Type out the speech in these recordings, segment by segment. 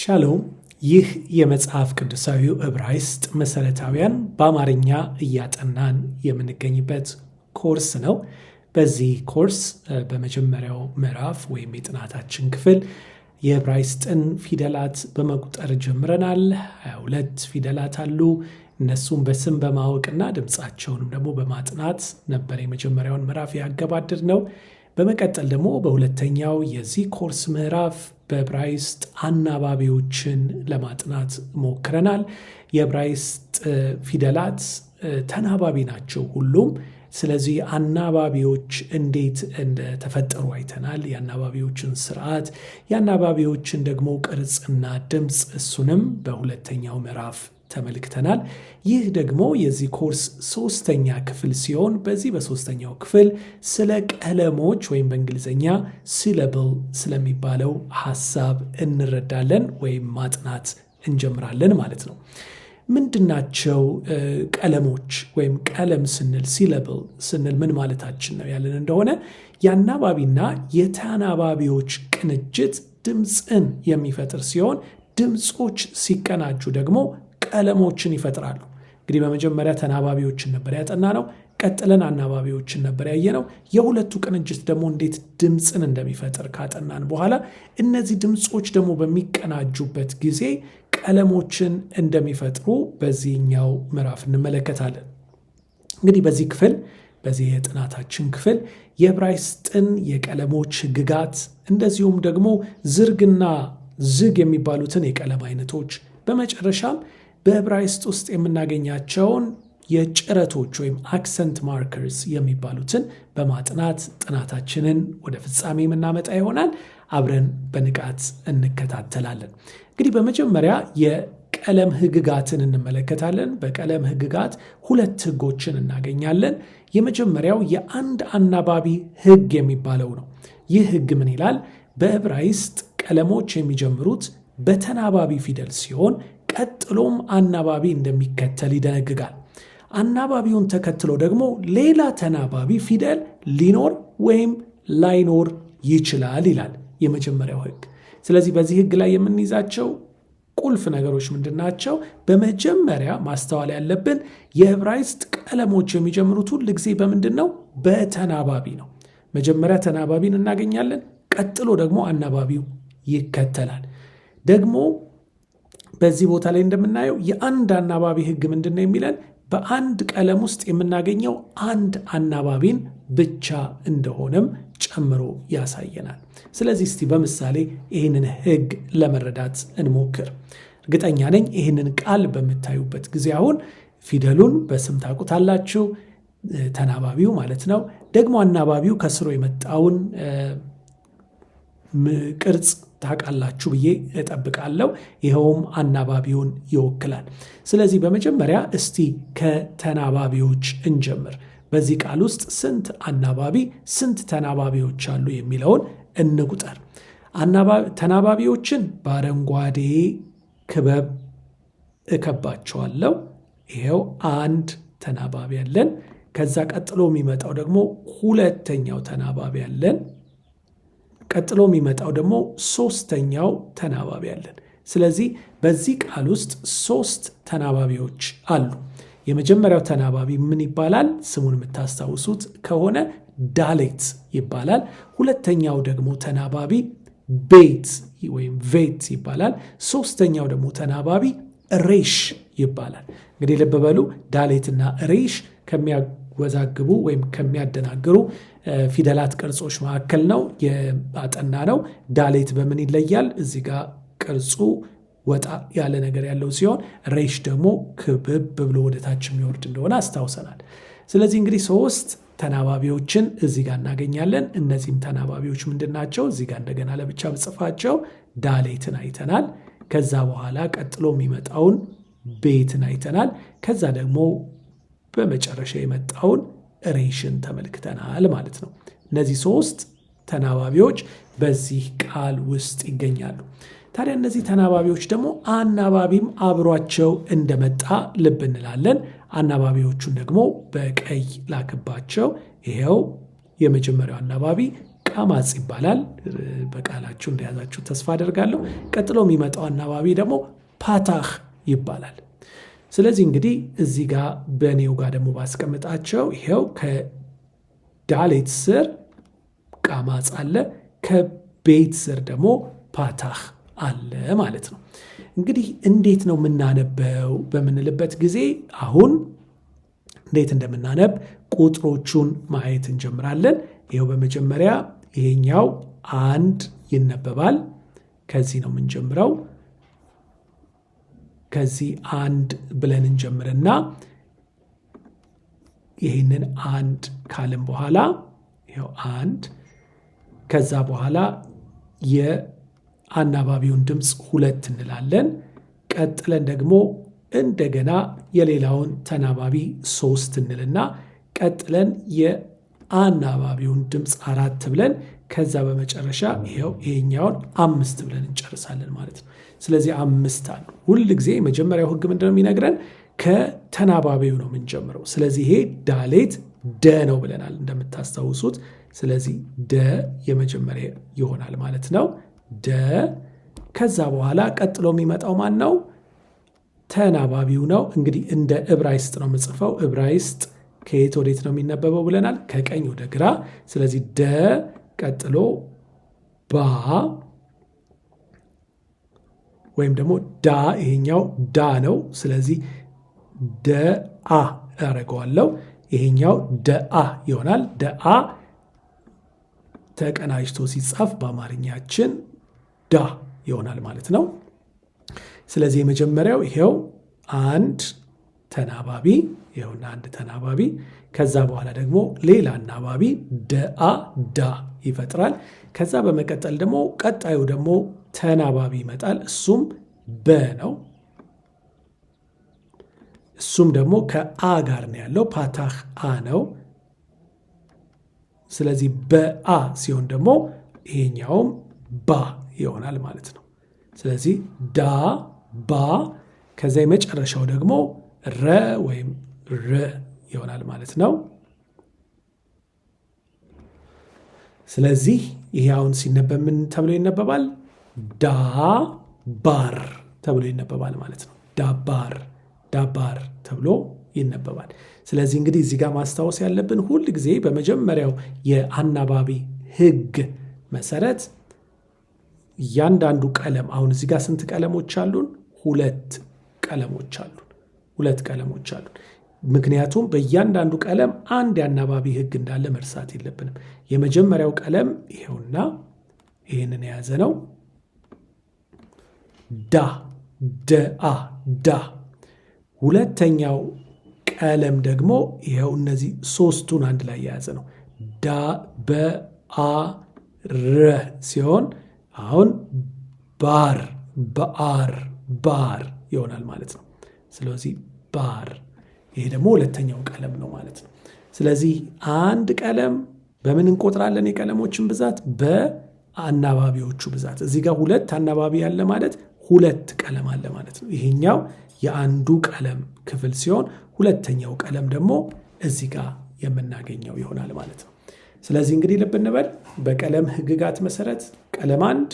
ሻሎም ይህ የመጽሐፍ ቅዱሳዊ ዕብራይስጥ መሠረታውያን በአማርኛ እያጠናን የምንገኝበት ኮርስ ነው። በዚህ ኮርስ በመጀመሪያው ምዕራፍ ወይም የጥናታችን ክፍል የዕብራይስጥን ፊደላት በመቁጠር ጀምረናል። 22 ፊደላት አሉ። እነሱም በስም በማወቅና ድምፃቸውንም ደግሞ በማጥናት ነበር የመጀመሪያውን ምዕራፍ ያገባድድ ነው። በመቀጠል ደግሞ በሁለተኛው የዚህ ኮርስ ምዕራፍ በብራይስጥ አናባቢዎችን ለማጥናት ሞክረናል። የብራይስጥ ፊደላት ተናባቢ ናቸው ሁሉም። ስለዚህ አናባቢዎች እንዴት እንደተፈጠሩ አይተናል። የአናባቢዎችን ስርዓት፣ የአናባቢዎችን ደግሞ ቅርጽና ድምፅ እሱንም በሁለተኛው ምዕራፍ ተመልክተናል። ይህ ደግሞ የዚህ ኮርስ ሶስተኛ ክፍል ሲሆን በዚህ በሶስተኛው ክፍል ስለ ቀለሞች ወይም በእንግሊዝኛ ሲለብል ስለሚባለው ሀሳብ እንረዳለን ወይም ማጥናት እንጀምራለን ማለት ነው። ምንድናቸው ቀለሞች ወይም ቀለም ስንል ሲለብል ስንል ምን ማለታችን ነው ያለን እንደሆነ የአናባቢና የተናባቢዎች ቅንጅት ድምፅን የሚፈጥር ሲሆን ድምፆች ሲቀናጁ ደግሞ ቀለሞችን ይፈጥራሉ። እንግዲህ በመጀመሪያ ተናባቢዎችን ነበር ያጠና ነው። ቀጥለን አናባቢዎችን ነበር ያየ ነው። የሁለቱ ቅንጅት ደግሞ እንዴት ድምፅን እንደሚፈጥር ካጠናን በኋላ እነዚህ ድምፆች ደግሞ በሚቀናጁበት ጊዜ ቀለሞችን እንደሚፈጥሩ በዚህኛው ምዕራፍ እንመለከታለን። እንግዲህ በዚህ ክፍል በዚህ የጥናታችን ክፍል የብራይስጥን የቀለሞች ግጋት እንደዚሁም ደግሞ ዝርግና ዝግ የሚባሉትን የቀለም አይነቶች በመጨረሻም በዕብራይስጥ ውስጥ የምናገኛቸውን የጭረቶች ወይም አክሰንት ማርከርስ የሚባሉትን በማጥናት ጥናታችንን ወደ ፍጻሜ የምናመጣ ይሆናል። አብረን በንቃት እንከታተላለን። እንግዲህ በመጀመሪያ የቀለም ህግጋትን እንመለከታለን። በቀለም ህግጋት ሁለት ህጎችን እናገኛለን። የመጀመሪያው የአንድ አናባቢ ህግ የሚባለው ነው። ይህ ህግ ምን ይላል? በዕብራይስጥ ቀለሞች የሚጀምሩት በተናባቢ ፊደል ሲሆን ቀጥሎም አናባቢ እንደሚከተል ይደነግጋል። አናባቢውን ተከትሎ ደግሞ ሌላ ተናባቢ ፊደል ሊኖር ወይም ላይኖር ይችላል ይላል የመጀመሪያው ህግ ስለዚህ በዚህ ህግ ላይ የምንይዛቸው ቁልፍ ነገሮች ምንድን ናቸው? በመጀመሪያ ማስተዋል ያለብን የዕብራይስጥ ቀለሞች የሚጀምሩት ሁል ጊዜ በምንድን ነው? በተናባቢ ነው። መጀመሪያ ተናባቢን እናገኛለን፣ ቀጥሎ ደግሞ አናባቢው ይከተላል። ደግሞ በዚህ ቦታ ላይ እንደምናየው የአንድ አናባቢ ህግ ምንድን ነው የሚለን በአንድ ቀለም ውስጥ የምናገኘው አንድ አናባቢን ብቻ እንደሆነም ጨምሮ ያሳየናል። ስለዚህ እስቲ በምሳሌ ይህንን ህግ ለመረዳት እንሞክር። እርግጠኛ ነኝ ይህንን ቃል በምታዩበት ጊዜ አሁን ፊደሉን በስም ታቁታላችሁ ተናባቢው ማለት ነው። ደግሞ አናባቢው ከስሩ የመጣውን ቅርጽ ታውቃላችሁ ብዬ እጠብቃለሁ። ይኸውም አናባቢውን ይወክላል። ስለዚህ በመጀመሪያ እስቲ ከተናባቢዎች እንጀምር። በዚህ ቃል ውስጥ ስንት አናባቢ፣ ስንት ተናባቢዎች አሉ የሚለውን እንቁጠር። ተናባቢዎችን በአረንጓዴ ክበብ እከባቸዋለሁ። ይኸው አንድ ተናባቢ አለን። ከዛ ቀጥሎ የሚመጣው ደግሞ ሁለተኛው ተናባቢ አለን። ቀጥሎ የሚመጣው ደግሞ ሶስተኛው ተናባቢ አለን። ስለዚህ በዚህ ቃል ውስጥ ሶስት ተናባቢዎች አሉ። የመጀመሪያው ተናባቢ ምን ይባላል? ስሙን የምታስታውሱት ከሆነ ዳሌት ይባላል። ሁለተኛው ደግሞ ተናባቢ ቤት ወይም ቬት ይባላል። ሶስተኛው ደግሞ ተናባቢ ሬሽ ይባላል። እንግዲህ ልብ በሉ ዳሌትና ሬሽ ከሚያወዛግቡ ወይም ከሚያደናግሩ ፊደላት ቅርጾች መካከል ነው የአጠና ነው። ዳሌት በምን ይለያል? እዚ ጋር ቅርጹ ወጣ ያለ ነገር ያለው ሲሆን ሬሽ ደግሞ ክብብ ብሎ ወደታች የሚወርድ እንደሆነ አስታውሰናል። ስለዚህ እንግዲህ ሶስት ተናባቢዎችን እዚህ ጋር እናገኛለን። እነዚህም ተናባቢዎች ምንድን ናቸው? እዚ ጋር እንደገና ለብቻ ብጽፋቸው ዳሌትን አይተናል። ከዛ በኋላ ቀጥሎ የሚመጣውን ቤትን አይተናል። ከዛ ደግሞ በመጨረሻ የመጣውን ሬሽን ተመልክተናል ማለት ነው። እነዚህ ሶስት ተናባቢዎች በዚህ ቃል ውስጥ ይገኛሉ። ታዲያ እነዚህ ተናባቢዎች ደግሞ አናባቢም አብሯቸው እንደመጣ ልብ እንላለን። አናባቢዎቹን ደግሞ በቀይ ላክባቸው። ይኸው የመጀመሪያው አናባቢ ቃማጽ ይባላል። በቃላችሁ እንደያዛችሁ ተስፋ አደርጋለሁ። ቀጥሎ የሚመጣው አናባቢ ደግሞ ፓታህ ይባላል። ስለዚህ እንግዲህ እዚህ ጋር በኔው ጋር ደግሞ ባስቀምጣቸው ይሄው ከዳሌት ስር ቃማጽ አለ፣ ከቤት ስር ደግሞ ፓታህ አለ ማለት ነው። እንግዲህ እንዴት ነው የምናነበው በምንልበት ጊዜ አሁን እንዴት እንደምናነብ ቁጥሮቹን ማየት እንጀምራለን። ይኸው በመጀመሪያ ይሄኛው አንድ ይነበባል። ከዚህ ነው የምንጀምረው። ከዚህ አንድ ብለን እንጀምርና ይህንን አንድ ካልን በኋላ ይኸው አንድ ከዛ በኋላ የአናባቢውን ድምፅ ሁለት እንላለን። ቀጥለን ደግሞ እንደገና የሌላውን ተናባቢ ሶስት እንልና ቀጥለን የአናባቢውን ድምፅ አራት ብለን ከዛ በመጨረሻ ይኸው ይሄኛውን አምስት ብለን እንጨርሳለን ማለት ነው። ስለዚህ አምስት አሉ። ሁል ጊዜ የመጀመሪያው ህግ ምንድነው የሚነግረን? ከተናባቢው ነው የምንጀምረው። ስለዚህ ይሄ ዳሌት ደ ነው ብለናል እንደምታስታውሱት። ስለዚህ ደ የመጀመሪያ ይሆናል ማለት ነው። ደ ከዛ በኋላ ቀጥሎ የሚመጣው ማን ነው? ተናባቢው ነው። እንግዲህ እንደ እብራይስጥ ነው የምጽፈው። እብራይስጥ ከየት ወዴት ነው የሚነበበው ብለናል? ከቀኝ ወደ ግራ። ስለዚህ ደ ቀጥሎ ባ ወይም ደግሞ ዳ ይሄኛው ዳ ነው። ስለዚህ ደአ ያደረገዋለው ይሄኛው ደአ ይሆናል። ደአ ተቀናጅቶ ሲጻፍ በአማርኛችን ዳ ይሆናል ማለት ነው። ስለዚህ የመጀመሪያው ይሄው አንድ ተናባቢ ይሁን አንድ ተናባቢ። ከዛ በኋላ ደግሞ ሌላ አናባቢ ደአ ዳ ይፈጥራል። ከዛ በመቀጠል ደግሞ ቀጣዩ ደግሞ ተናባቢ ይመጣል። እሱም በ ነው። እሱም ደግሞ ከአ ጋር ነው ያለው። ፓታህ አ ነው። ስለዚህ በአ ሲሆን ደግሞ ይሄኛውም ባ ይሆናል ማለት ነው። ስለዚህ ዳ ባ፣ ከዛ የመጨረሻው ደግሞ ረ ወይም ር ይሆናል ማለት ነው። ስለዚህ ይሄ አሁን ሲነበብ ምን ተብሎ ይነበባል? ዳባር ተብሎ ይነበባል ማለት ነው። ዳባር ዳባር ተብሎ ይነበባል። ስለዚህ እንግዲህ እዚህ ጋር ማስታወስ ያለብን ሁል ጊዜ በመጀመሪያው የአናባቢ ህግ መሰረት እያንዳንዱ ቀለም አሁን እዚህ ጋር ስንት ቀለሞች አሉን? ሁለት ቀለሞች አሉን። ሁለት ቀለሞች አሉን። ምክንያቱም በእያንዳንዱ ቀለም አንድ የአናባቢ ህግ እንዳለ መርሳት የለብንም። የመጀመሪያው ቀለም ይሄውና ይህንን የያዘ ነው። ዳ ደአ ዳ። ሁለተኛው ቀለም ደግሞ ይኸው እነዚህ ሶስቱን አንድ ላይ የያዘ ነው። ዳ በአ ረ ሲሆን አሁን ባር በአር ባር ይሆናል ማለት ነው። ስለዚህ ባር ይሄ ደግሞ ሁለተኛው ቀለም ነው ማለት ነው። ስለዚህ አንድ ቀለም በምን እንቆጥራለን? የቀለሞችን ብዛት በአናባቢዎቹ ብዛት። እዚህ ጋር ሁለት አናባቢ ያለ ማለት ሁለት ቀለም አለ ማለት ነው። ይሄኛው የአንዱ ቀለም ክፍል ሲሆን ሁለተኛው ቀለም ደግሞ እዚህ ጋር የምናገኘው ይሆናል ማለት ነው። ስለዚህ እንግዲህ ልብ እንበል በቀለም ህግጋት መሰረት ቀለም አንድ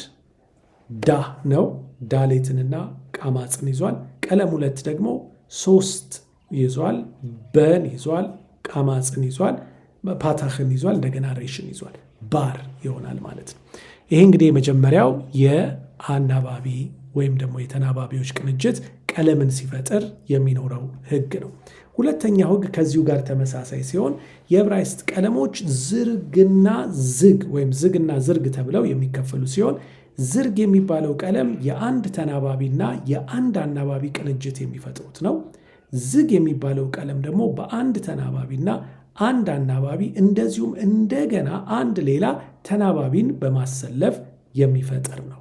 ዳ ነው። ዳሌትንና ቃማጽን ይዟል። ቀለም ሁለት ደግሞ ሶስት ይዟል። በን ይዟል። ቃማጽን ይዟል። ፓታህን ይዟል። እንደገና ሬሽን ይዟል። ባር ይሆናል ማለት ነው። ይሄ እንግዲህ የመጀመሪያው የአናባቢ ወይም ደግሞ የተናባቢዎች ቅንጅት ቀለምን ሲፈጥር የሚኖረው ህግ ነው። ሁለተኛው ህግ ከዚሁ ጋር ተመሳሳይ ሲሆን የዕብራይስጥ ቀለሞች ዝርግና ዝግ ወይም ዝግና ዝርግ ተብለው የሚከፈሉ ሲሆን ዝርግ የሚባለው ቀለም የአንድ ተናባቢና የአንድ አናባቢ ቅንጅት የሚፈጥሩት ነው። ዝግ የሚባለው ቀለም ደግሞ በአንድ ተናባቢና አንድ አናባቢ እንደዚሁም እንደገና አንድ ሌላ ተናባቢን በማሰለፍ የሚፈጥር ነው።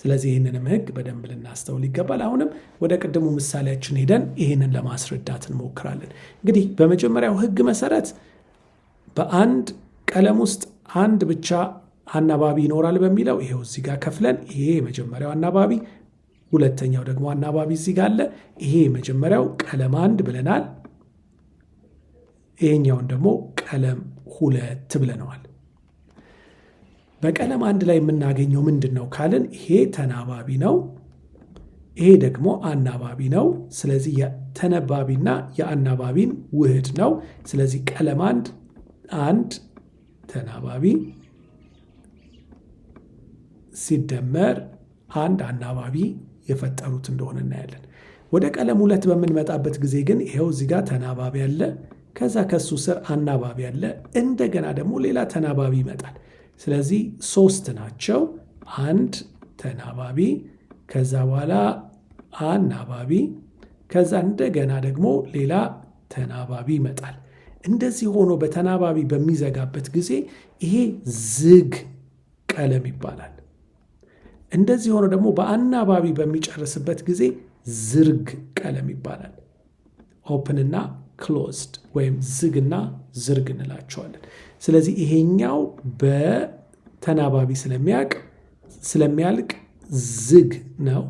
ስለዚህ ይህንንም ህግ በደንብ ልናስተውል ይገባል። አሁንም ወደ ቅድሙ ምሳሌያችን ሄደን ይህንን ለማስረዳት እንሞክራለን። እንግዲህ በመጀመሪያው ህግ መሰረት በአንድ ቀለም ውስጥ አንድ ብቻ አናባቢ ይኖራል በሚለው ይሄው እዚህ ጋር ከፍለን ይሄ የመጀመሪያው አናባቢ፣ ሁለተኛው ደግሞ አናባቢ እዚህ ጋር አለ። ይሄ የመጀመሪያው ቀለም አንድ ብለናል። ይሄኛውን ደግሞ ቀለም ሁለት ብለነዋል። በቀለም አንድ ላይ የምናገኘው ምንድን ነው ካልን ይሄ ተናባቢ ነው፣ ይሄ ደግሞ አናባቢ ነው። ስለዚህ የተነባቢና የአናባቢን ውህድ ነው። ስለዚህ ቀለም አንድ አንድ ተናባቢ ሲደመር አንድ አናባቢ የፈጠሩት እንደሆነ እናያለን። ወደ ቀለም ሁለት በምንመጣበት ጊዜ ግን ይኸው እዚህ ጋር ተናባቢ አለ፣ ከዛ ከሱ ስር አናባቢ አለ፣ እንደገና ደግሞ ሌላ ተናባቢ ይመጣል። ስለዚህ ሶስት ናቸው። አንድ ተናባቢ፣ ከዛ በኋላ አናባቢ፣ ከዛ እንደገና ደግሞ ሌላ ተናባቢ ይመጣል። እንደዚህ ሆኖ በተናባቢ በሚዘጋበት ጊዜ ይሄ ዝግ ቀለም ይባላል። እንደዚህ ሆኖ ደግሞ በአናባቢ በሚጨርስበት ጊዜ ዝርግ ቀለም ይባላል። ኦፕንና ክሎዝድ ወይም ዝግና ዝርግ እንላቸዋለን። ስለዚህ ይሄኛው በተናባቢ ስለሚያቅ ስለሚያልቅ ዝግ ነው።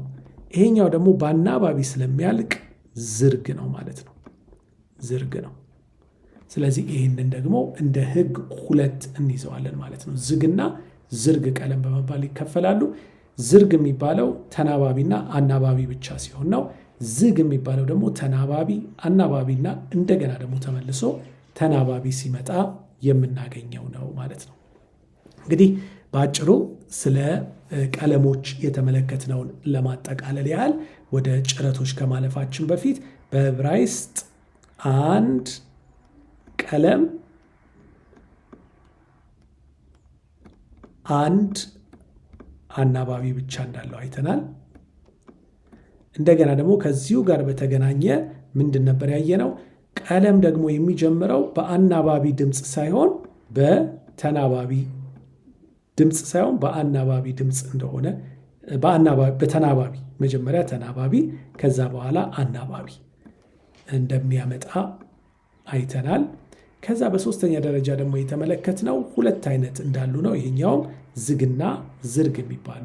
ይሄኛው ደግሞ በአናባቢ ስለሚያልቅ ዝርግ ነው ማለት ነው። ዝርግ ነው። ስለዚህ ይህንን ደግሞ እንደ ህግ ሁለት እንይዘዋለን ማለት ነው። ዝግና ዝርግ ቀለም በመባል ይከፈላሉ። ዝርግ የሚባለው ተናባቢና አናባቢ ብቻ ሲሆን ነው። ዝግ የሚባለው ደግሞ ተናባቢ አናባቢና እንደገና ደግሞ ተመልሶ ተናባቢ ሲመጣ የምናገኘው ነው ማለት ነው። እንግዲህ በአጭሩ ስለ ቀለሞች የተመለከትነውን ለማጠቃለል ያህል ወደ ጭረቶች ከማለፋችን በፊት በብራይስጥ አንድ ቀለም አንድ አናባቢ ብቻ እንዳለው አይተናል። እንደገና ደግሞ ከዚሁ ጋር በተገናኘ ምንድን ነበር ያየነው? ቀለም ደግሞ የሚጀምረው በአናባቢ ድምፅ ሳይሆን በተናባቢ ድምፅ ሳይሆን በአናባቢ ድምፅ እንደሆነ በተናባቢ መጀመሪያ ተናባቢ ከዛ በኋላ አናባቢ እንደሚያመጣ አይተናል። ከዛ በሶስተኛ ደረጃ ደግሞ ነው ሁለት አይነት እንዳሉ ነው። ይሄኛውም ዝግና ዝርግ የሚባሉ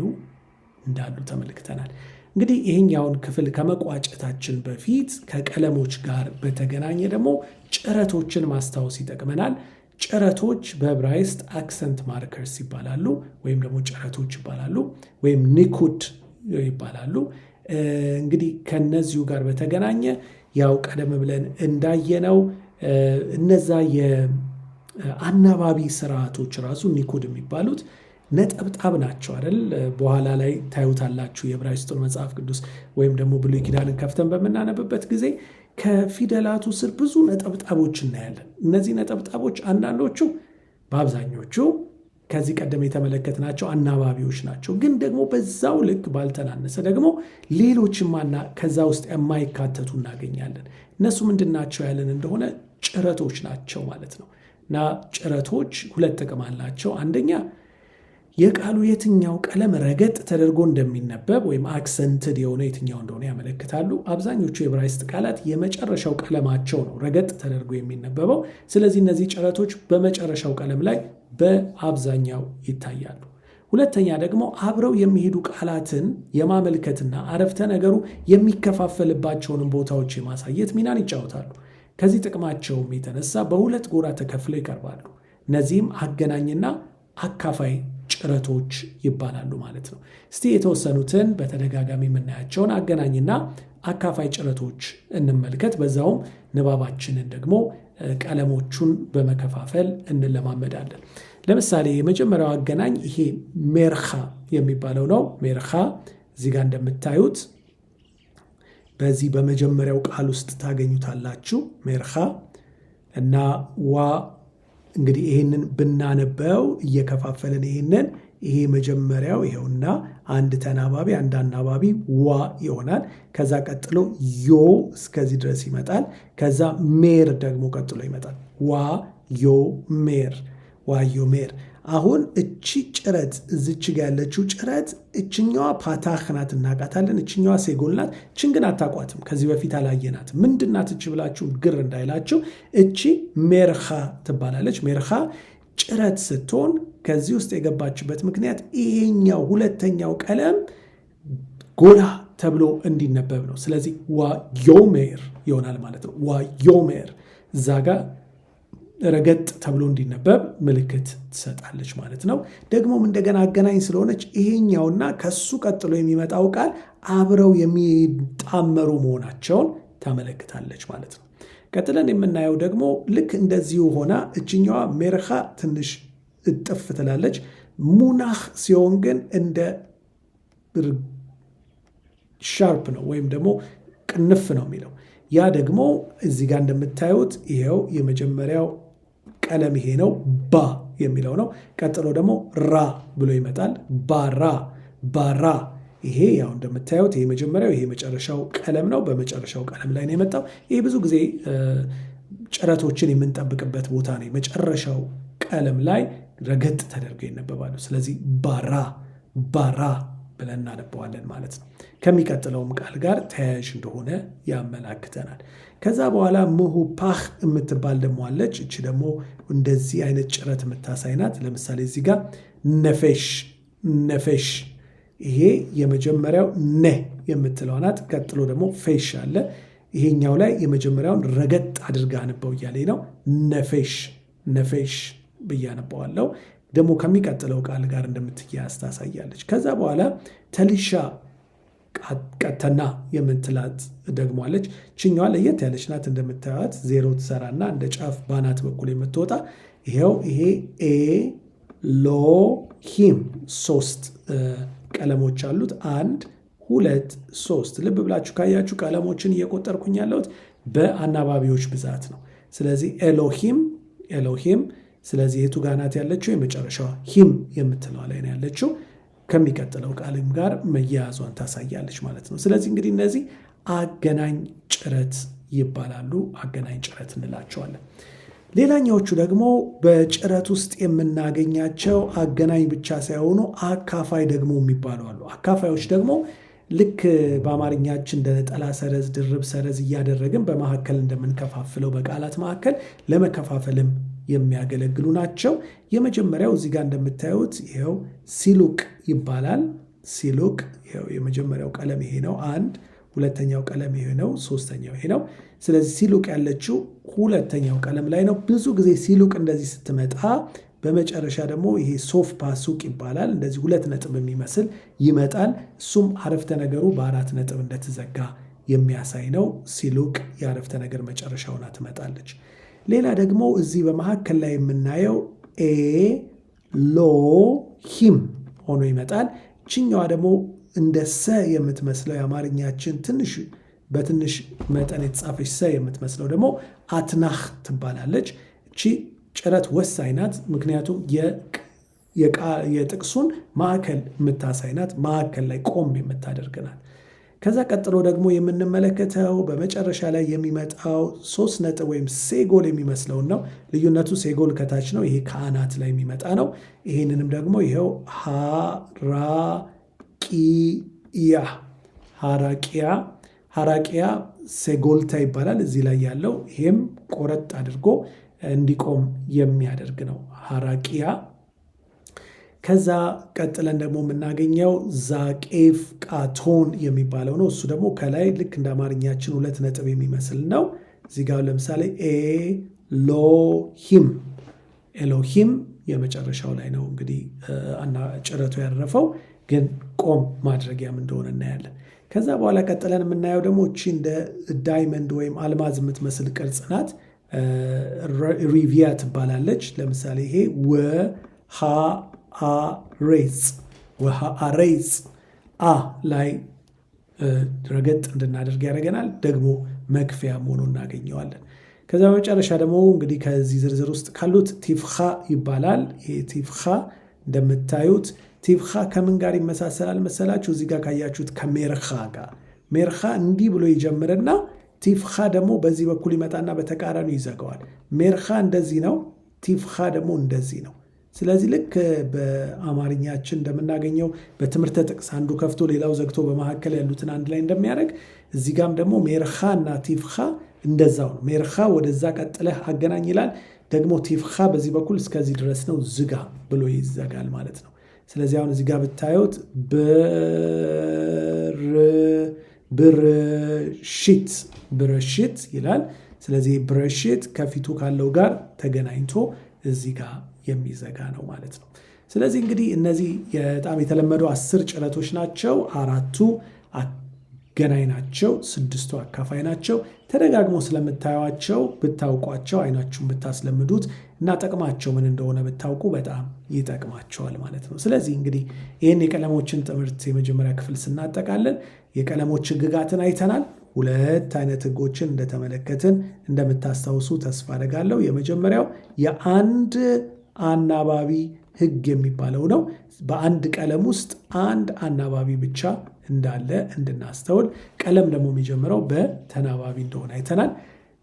እንዳሉ ተመልክተናል። እንግዲህ ይህኛውን ክፍል ከመቋጨታችን በፊት ከቀለሞች ጋር በተገናኘ ደግሞ ጭረቶችን ማስታወስ ይጠቅመናል። ጭረቶች በብራይስት አክሰንት ማርከርስ ይባላሉ፣ ወይም ደግሞ ጭረቶች ይባላሉ፣ ወይም ኒኩድ ይባላሉ። እንግዲህ ከነዚሁ ጋር በተገናኘ ያው ቀደም ብለን እንዳየነው እነዛ የአናባቢ ስርዓቶች ራሱ ኒኩድ የሚባሉት ነጠብጣብ ናቸው አይደል? በኋላ ላይ ታዩታላችሁ። የብራይስቶን መጽሐፍ ቅዱስ ወይም ደግሞ ብሉይ ኪዳንን ከፍተን በምናነብበት ጊዜ ከፊደላቱ ስር ብዙ ነጠብጣቦች እናያለን። እነዚህ ነጠብጣቦች አንዳንዶቹ በአብዛኞቹ ከዚህ ቀደም የተመለከትናቸው አናባቢዎች ናቸው። ግን ደግሞ በዛው ልክ ባልተናነሰ ደግሞ ሌሎችም ከዛ ውስጥ የማይካተቱ እናገኛለን። እነሱ ምንድን ናቸው ያለን እንደሆነ ጭረቶች ናቸው ማለት ነው። እና ጭረቶች ሁለት ጥቅም አላቸው። አንደኛ የቃሉ የትኛው ቀለም ረገጥ ተደርጎ እንደሚነበብ ወይም አክሰንትድ የሆነ የትኛው እንደሆነ ያመለክታሉ። አብዛኞቹ የዕብራይስጥ ቃላት የመጨረሻው ቀለማቸው ነው ረገጥ ተደርጎ የሚነበበው። ስለዚህ እነዚህ ጭረቶች በመጨረሻው ቀለም ላይ በአብዛኛው ይታያሉ። ሁለተኛ ደግሞ አብረው የሚሄዱ ቃላትን የማመልከትና አረፍተ ነገሩ የሚከፋፈልባቸውንም ቦታዎች የማሳየት ሚናን ይጫወታሉ። ከዚህ ጥቅማቸውም የተነሳ በሁለት ጎራ ተከፍለው ይቀርባሉ። እነዚህም አገናኝና አካፋይ ጭረቶች ይባላሉ ማለት ነው። እስቲ የተወሰኑትን በተደጋጋሚ የምናያቸውን አገናኝና አካፋይ ጭረቶች እንመልከት። በዛውም ንባባችንን ደግሞ ቀለሞቹን በመከፋፈል እንለማመዳለን። ለምሳሌ የመጀመሪያው አገናኝ ይሄ ሜርኻ የሚባለው ነው። ሜርኻ እዚህ ጋር እንደምታዩት በዚህ በመጀመሪያው ቃል ውስጥ ታገኙታላችሁ። ሜርኻ እና ዋ እንግዲህ ይህንን ብናነበው እየከፋፈልን ይህንን ይሄ መጀመሪያው ይሄውና አንድ ተናባቢ አንድ አናባቢ ዋ ይሆናል። ከዛ ቀጥሎ ዮ እስከዚህ ድረስ ይመጣል። ከዛ ሜር ደግሞ ቀጥሎ ይመጣል። ዋ ዮ ሜር፣ ዋ ዮ ሜር አሁን እቺ ጭረት እዚች ጋ ያለችው ጭረት እችኛዋ ፓታህ ናት እናውቃታለን። እችኛዋ ሴጎል ናት። እችን ግን አታቋትም፣ ከዚህ በፊት አላየናት። ምንድናት እች ብላችሁ ግር እንዳይላችሁ፣ እቺ ሜርኻ ትባላለች። ሜርኻ ጭረት ስትሆን ከዚህ ውስጥ የገባችበት ምክንያት ይሄኛው ሁለተኛው ቀለም ጎላ ተብሎ እንዲነበብ ነው። ስለዚህ ዋዮሜር ይሆናል ማለት ነው። ዋዮሜር እዛ ጋር ረገጥ ተብሎ እንዲነበብ ምልክት ትሰጣለች ማለት ነው። ደግሞም እንደገና አገናኝ ስለሆነች ይሄኛውና ከሱ ቀጥሎ የሚመጣው ቃል አብረው የሚጣመሩ መሆናቸውን ታመለክታለች ማለት ነው። ቀጥለን የምናየው ደግሞ ልክ እንደዚሁ ሆና እችኛዋ ሜርኻ ትንሽ እጥፍ ትላለች። ሙናህ ሲሆን ግን እንደ ሻርፕ ነው ወይም ደግሞ ቅንፍ ነው የሚለው ያ ደግሞ እዚህ ጋር እንደምታዩት ይኸው የመጀመሪያው ቀለም ይሄ ነው ባ የሚለው ነው። ቀጥሎ ደግሞ ራ ብሎ ይመጣል። ባራ ባራ። ይሄ ያው እንደምታዩት ይሄ መጀመሪያው ይሄ መጨረሻው ቀለም ነው። በመጨረሻው ቀለም ላይ ነው የመጣው። ይሄ ብዙ ጊዜ ጭረቶችን የምንጠብቅበት ቦታ ነው። የመጨረሻው ቀለም ላይ ረገጥ ተደርገው ይነበባሉ። ስለዚህ ባራ ባራ ብለን እናነበዋለን ማለት ነው። ከሚቀጥለውም ቃል ጋር ተያያዥ እንደሆነ ያመላክተናል። ከዛ በኋላ ፓህ የምትባል ደግሞ አለች። እች ደግሞ እንደዚህ አይነት ጭረት የምታሳይ ናት። ለምሳሌ እዚህ ጋር ነፌሽ ነፌሽ፣ ይሄ የመጀመሪያው ነ የምትለው ናት። ቀጥሎ ደግሞ ፌሽ አለ። ይሄኛው ላይ የመጀመሪያውን ረገጥ አድርጋ አነበው እያለኝ ነው። ነፌሽ ነፌሽ ብዬ ደግሞ ከሚቀጥለው ቃል ጋር እንደምትያያዝ ታሳያለች። ከዛ በኋላ ተሊሻ ቀተና የምትላት ደግሞ አለች። ችኛዋ ለየት ያለች ናት። እንደምታዩት ዜሮ ትሰራና እንደ ጫፍ ባናት በኩል የምትወጣ ይኸው ይሄ ኤ ሂም ሶስት ቀለሞች አሉት። አንድ ሁለት ሶስት። ልብ ብላችሁ ካያችሁ ቀለሞችን እየቆጠርኩኝ ያለሁት በአናባቢዎች ብዛት ነው። ስለዚህ ኤሎሂም ኤሎሂም ስለዚህ የቱ ጋር ናት ያለችው? የመጨረሻዋ ሂም የምትለዋ ላይ ነው ያለችው። ከሚቀጥለው ቃልም ጋር መያያዟን ታሳያለች ማለት ነው። ስለዚህ እንግዲህ እነዚህ አገናኝ ጭረት ይባላሉ። አገናኝ ጭረት እንላቸዋለን። ሌላኛዎቹ ደግሞ በጭረት ውስጥ የምናገኛቸው አገናኝ ብቻ ሳይሆኑ አካፋይ ደግሞ የሚባሉ አሉ። አካፋዮች ደግሞ ልክ በአማርኛችን እንደ ነጠላ ሰረዝ፣ ድርብ ሰረዝ እያደረግን በመካከል እንደምንከፋፍለው በቃላት መካከል ለመከፋፈልም የሚያገለግሉ ናቸው። የመጀመሪያው እዚህ ጋር እንደምታዩት ይኸው ሲሉቅ ይባላል። ሲሉቅ ይኸው የመጀመሪያው ቀለም ይሄ ነው አንድ ሁለተኛው ቀለም ይሄ ነው። ሶስተኛው ይሄ ነው። ስለዚህ ሲሉቅ ያለችው ሁለተኛው ቀለም ላይ ነው። ብዙ ጊዜ ሲሉቅ እንደዚህ ስትመጣ በመጨረሻ ደግሞ ይሄ ሶፍ ፓሱቅ ይባላል። እንደዚህ ሁለት ነጥብ የሚመስል ይመጣል። እሱም አረፍተ ነገሩ በአራት ነጥብ እንደተዘጋ የሚያሳይ ነው። ሲሉቅ የአረፍተ ነገር መጨረሻ ሆና ትመጣለች። ሌላ ደግሞ እዚህ በመካከል ላይ የምናየው ኤ ሂም ሆኖ ይመጣል። ችኛዋ ደግሞ እንደ ሰ የምትመስለው የአማርኛችን ትንሽ በትንሽ መጠን የተጻፈች ሰ የምትመስለው ደግሞ አትናህ ትባላለች። እቺ ጭረት ወሳኝ ናት፣ ምክንያቱም የጥቅሱን ማዕከል የምታሳይ ናት። ማዕከል ላይ ቆም የምታደርግ ናት። ከዛ ቀጥሎ ደግሞ የምንመለከተው በመጨረሻ ላይ የሚመጣው ሶስት ነጥብ ወይም ሴጎል የሚመስለውን ነው። ልዩነቱ ሴጎል ከታች ነው፣ ይሄ ከአናት ላይ የሚመጣ ነው። ይህንንም ደግሞ ይኸው ሃራቂያ ሃራቂያ ሃራቂያ ሴጎልታ ይባላል። እዚህ ላይ ያለው ይሄም ቆረጥ አድርጎ እንዲቆም የሚያደርግ ነው ሃራቂያ ከዛ ቀጥለን ደግሞ የምናገኘው ዛቄፍ ቃቶን የሚባለው ነው። እሱ ደግሞ ከላይ ልክ እንደ አማርኛችን ሁለት ነጥብ የሚመስል ነው። እዚህ ጋር ለምሳሌ ኤሎሂም ኤሎሂም የመጨረሻው ላይ ነው እንግዲህ እና ጭረቱ ያረፈው ግን ቆም ማድረጊያም እንደሆነ እናያለን። ከዛ በኋላ ቀጥለን የምናየው ደግሞ እቺ እንደ ዳይመንድ ወይም አልማዝ የምትመስል ቅርጽ ናት። ሪቪያ ትባላለች። ለምሳሌ ይሄ ወሃ ሃአሬጽ ወሃአሬጽ አ ላይ ረገጥ እንድናደርግ ያደርገናል። ደግሞ መክፊያ መሆኑ እናገኘዋለን። ከዛ በመጨረሻ ደግሞ እንግዲህ ከዚህ ዝርዝር ውስጥ ካሉት ቲፍኻ ይባላል። ይሄ ቲፍኻ እንደምታዩት ቲፍኻ ከምን ጋር ይመሳሰላል መሰላችሁ? እዚህ ጋር ካያችሁት ከሜርኻ ጋር ሜርኻ እንዲህ ብሎ ይጀምርና ቲፍኻ ደግሞ በዚህ በኩል ይመጣና በተቃራኒ ይዘጋዋል። ሜርኻ እንደዚህ ነው። ቲፍኻ ደግሞ እንደዚህ ነው። ስለዚህ ልክ በአማርኛችን እንደምናገኘው በትምህርተ ጥቅስ አንዱ ከፍቶ ሌላው ዘግቶ በመካከል ያሉትን አንድ ላይ እንደሚያደርግ እዚህ ጋም ደግሞ ሜርኻ እና ቲፍኻ እንደዛው ነው። ሜርኻ ወደዛ ቀጥለህ አገናኝ ይላል። ደግሞ ቲፍኻ በዚህ በኩል እስከዚህ ድረስ ነው፣ ዝጋ ብሎ ይዘጋል ማለት ነው። ስለዚህ አሁን እዚህ ጋር ብታዩት ብርሽት ብርሽት ይላል። ስለዚህ ብርሽት ከፊቱ ካለው ጋር ተገናኝቶ እዚህ ጋር የሚዘጋ ነው ማለት ነው። ስለዚህ እንግዲህ እነዚህ በጣም የተለመዱ አስር ጭረቶች ናቸው። አራቱ አገናኝ ናቸው፣ ስድስቱ አካፋይ ናቸው። ተደጋግሞ ስለምታዩቸው ብታውቋቸው፣ አይናችሁን ብታስለምዱት እና ጥቅማቸው ምን እንደሆነ ብታውቁ በጣም ይጠቅማቸዋል ማለት ነው። ስለዚህ እንግዲህ ይህን የቀለሞችን ትምህርት የመጀመሪያ ክፍል ስናጠቃለን የቀለሞች ህግጋትን አይተናል። ሁለት አይነት ህጎችን እንደተመለከትን እንደምታስታውሱ ተስፋ አደርጋለሁ። የመጀመሪያው የአንድ አናባቢ ህግ የሚባለው ነው። በአንድ ቀለም ውስጥ አንድ አናባቢ ብቻ እንዳለ እንድናስተውል፣ ቀለም ደግሞ የሚጀምረው በተናባቢ እንደሆነ አይተናል።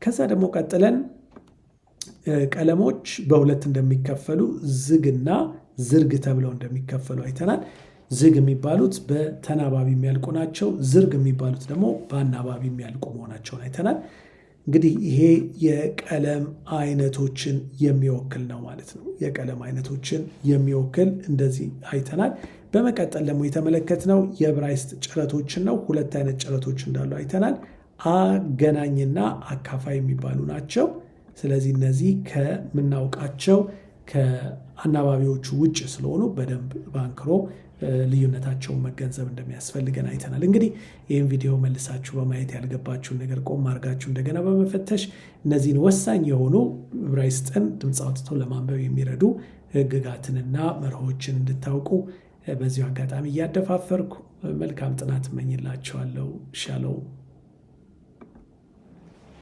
ከዛ ደግሞ ቀጥለን ቀለሞች በሁለት እንደሚከፈሉ ዝግና ዝርግ ተብለው እንደሚከፈሉ አይተናል። ዝግ የሚባሉት በተናባቢ የሚያልቁ ናቸው። ዝርግ የሚባሉት ደግሞ በአናባቢ የሚያልቁ መሆናቸውን አይተናል። እንግዲህ ይሄ የቀለም አይነቶችን የሚወክል ነው ማለት ነው። የቀለም አይነቶችን የሚወክል እንደዚህ አይተናል። በመቀጠል ደግሞ የተመለከትነው የዕብራይስጥ ጭረቶችን ነው። ሁለት አይነት ጭረቶች እንዳሉ አይተናል። አገናኝና አካፋይ የሚባሉ ናቸው። ስለዚህ እነዚህ ከምናውቃቸው ከአናባቢዎቹ ውጭ ስለሆኑ በደንብ ባንክሮ ልዩነታቸውን መገንዘብ እንደሚያስፈልገን አይተናል። እንግዲህ ይህን ቪዲዮ መልሳችሁ በማየት ያልገባችሁን ነገር ቆም አርጋችሁ እንደገና በመፈተሽ እነዚህን ወሳኝ የሆኑ ብራይስጥን ድምፅ አውጥቶ ለማንበብ የሚረዱ ህግጋትንና መርሆችን እንድታውቁ በዚሁ አጋጣሚ እያደፋፈርኩ መልካም ጥናት እመኝላችኋለሁ። ሻለው